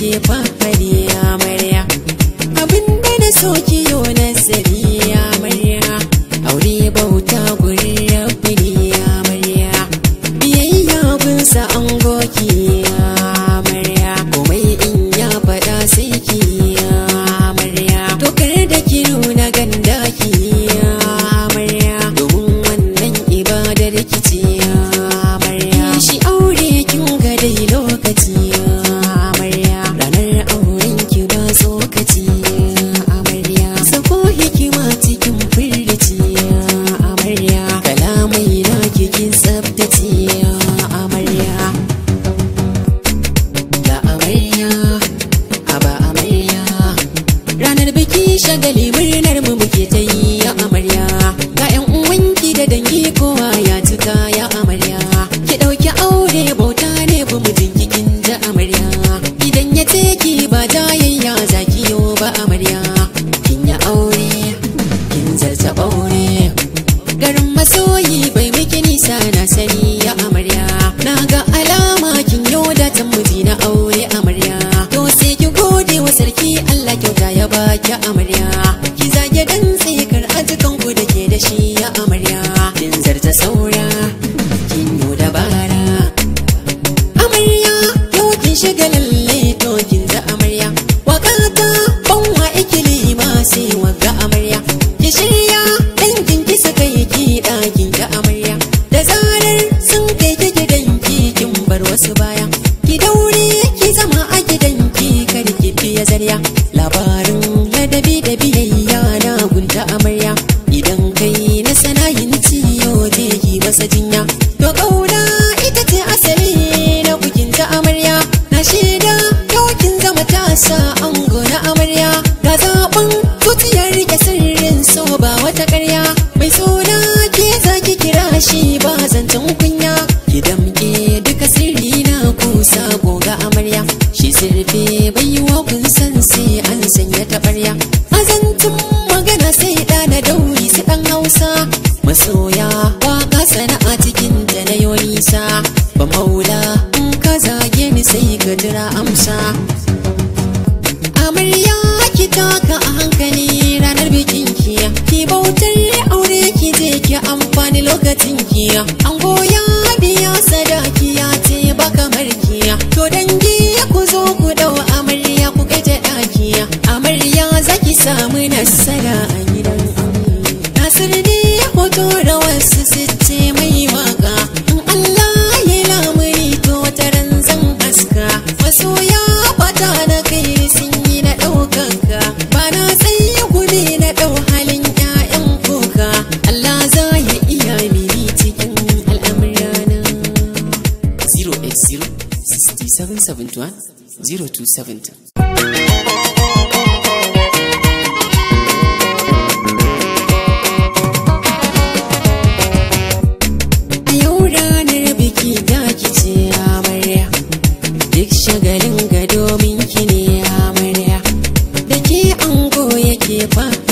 ke fafari marya, abin da na so ki yo nasiri aure bauta gurin rabbi marya. biyayya gunsa sa an goki komai in ya faɗa sai ki marya to kar da ki nuna ganda ki marya domin wannan ibadar ki ce amarya shi aure kin ga dai lokaci shagali murnar mu muke ta yi ya amarya ga yan uwanki da dangi kowa ya tuka ya amarya ki dauki aure bauta ne bu mu kikin da amarya idan ya ce ki ba jayayya zaki yo ba amarya kin ya aure kin zarta aure garin masoyi bai miki nisa na sani ya amarya na ga alama kin yo da tambaji na aure amarya to sai ki gode wa sarki ki amarya ki zage dan tsikar ajikan ku da ke da shi ya amarya kin zarta saura kin yo dabara amarya yau kin shiga lalle to kin za amarya waka ta banwa ikili ma sai ga amarya ki shirya dan kin ki saka ki dakin amarya da zarar sun kai ki gidan ki kin bar wasu baya ki daure ki zama a gidan ki kar ki fiye zarya zancen kunya ki damke duka sirri na kusa goga amarya shi zurfe bai yi kun san sai an sanya taɓarya. azancin magana sai da na dauri su dan hausa masoya waka sana'a cikin ta na yonisa ba maula in ka zage ni sai ka jira amsa ya bata na kai sun yi na ɗaukan ka ba na tsaye guri na ɗau halin ƴaƴan kuka Allah za ya iya mini cikin al'amurana 080 6771 0270 ya yake ba